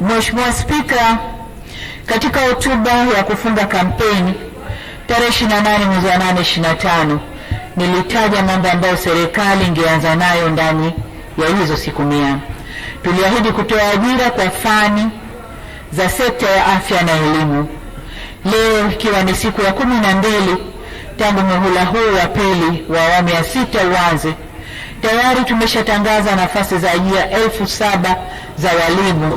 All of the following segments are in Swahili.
Mheshimiwa Spika, katika hotuba ya kufunga kampeni tarehe 28 mwezi wa 8 25 nilitaja mambo ambayo serikali ingeanza nayo ndani ya hizo siku mia. Tuliahidi kutoa ajira kwa fani za sekta ya afya na elimu. Leo ikiwa ni siku ya kumi na mbili tangu muhula huu wa pili wa awamu ya sita uanze Tayari tumeshatangaza nafasi za ajira elfu saba za walimu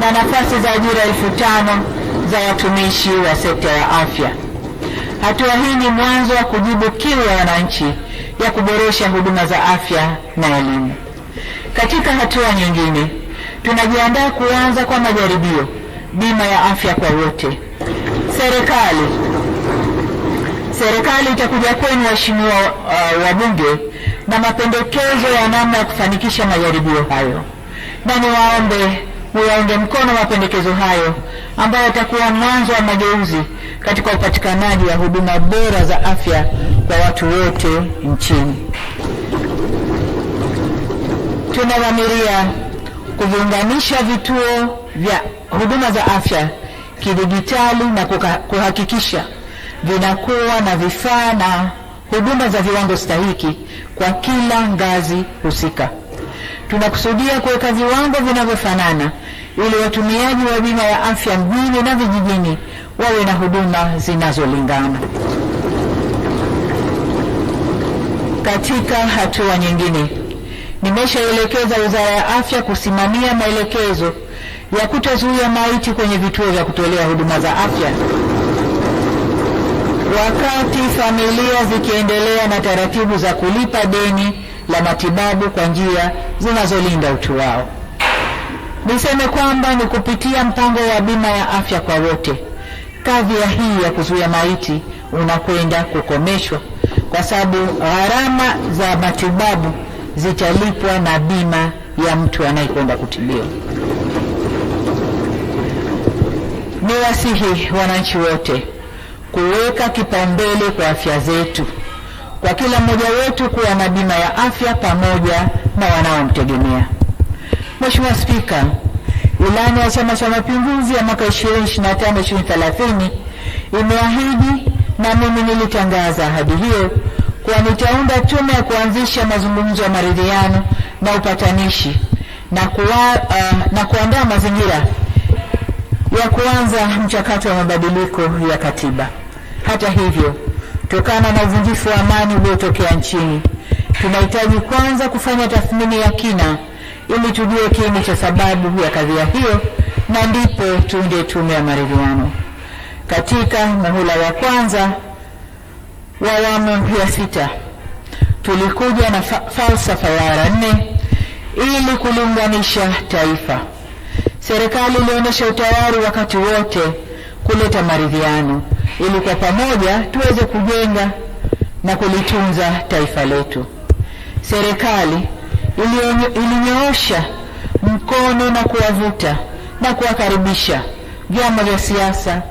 na nafasi za ajira elfu tano za watumishi wa sekta ya afya. Hatua hii ni mwanzo wa kujibu kiu ya wananchi ya kuboresha huduma za afya na elimu. Katika hatua nyingine, tunajiandaa kuanza kwa majaribio bima ya afya kwa wote. Serikali serikali itakuja kwenu waheshimiwa uh, wabunge na mapendekezo ya namna ya kufanikisha majaribio hayo, na niwaombe muyaunge mkono mapendekezo hayo ambayo yatakuwa mwanzo wa mageuzi katika upatikanaji wa huduma bora za afya kwa watu wote nchini. Tunadhamiria kuviunganisha vituo vya huduma za afya kidigitali na kuhakikisha vinakuwa na vifaa na huduma za viwango stahiki kwa kila ngazi husika. Tunakusudia kuweka viwango vinavyofanana ili watumiaji wa bima ya afya mjini na vijijini wawe na huduma zinazolingana. Katika hatua nyingine, nimeshaelekeza Wizara ya Afya kusimamia maelekezo ya kutozuia maiti kwenye vituo vya kutolea huduma za afya wakati familia zikiendelea na taratibu za kulipa deni la matibabu kwa njia zinazolinda utu wao. Niseme kwamba ni kupitia mpango wa bima ya afya kwa wote, ya hii ya kuzuia maiti unakwenda kukomeshwa kwa sababu gharama za matibabu zitalipwa na bima ya mtu anayekwenda kutibiwa. Ni wasihi wananchi wote kuweka kipaumbele kwa afya zetu, kwa kila mmoja wetu kuwa na bima ya afya pamoja na wanaomtegemea. Mheshimiwa Spika, ilani ya Chama cha Mapinduzi ya mwaka 2025 2030 imeahidi na mimi nilitangaza ahadi hiyo kuwa nitaunda tume ya kuanzisha mazungumzo ya maridhiano na upatanishi na, kuwa, uh, na kuandaa mazingira ya kuanza mchakato wa mabadiliko ya katiba. Hata hivyo, kutokana na uvunjifu wa amani uliotokea nchini, tunahitaji kwanza kufanya tathmini ya kina ili tujue kiini cha sababu ya kadhia hiyo, na ndipo tuunde tume ya maridhiano. Katika muhula wa kwanza wa awamu ya sita tulikuja na fa falsafa ya R nne ili kuliunganisha taifa. Serikali ilionyesha utayari wakati wote kuleta maridhiano ili kwa pamoja tuweze kujenga na kulitunza taifa letu. Serikali ilinyoosha mkono na kuwavuta na kuwakaribisha vyama vya siasa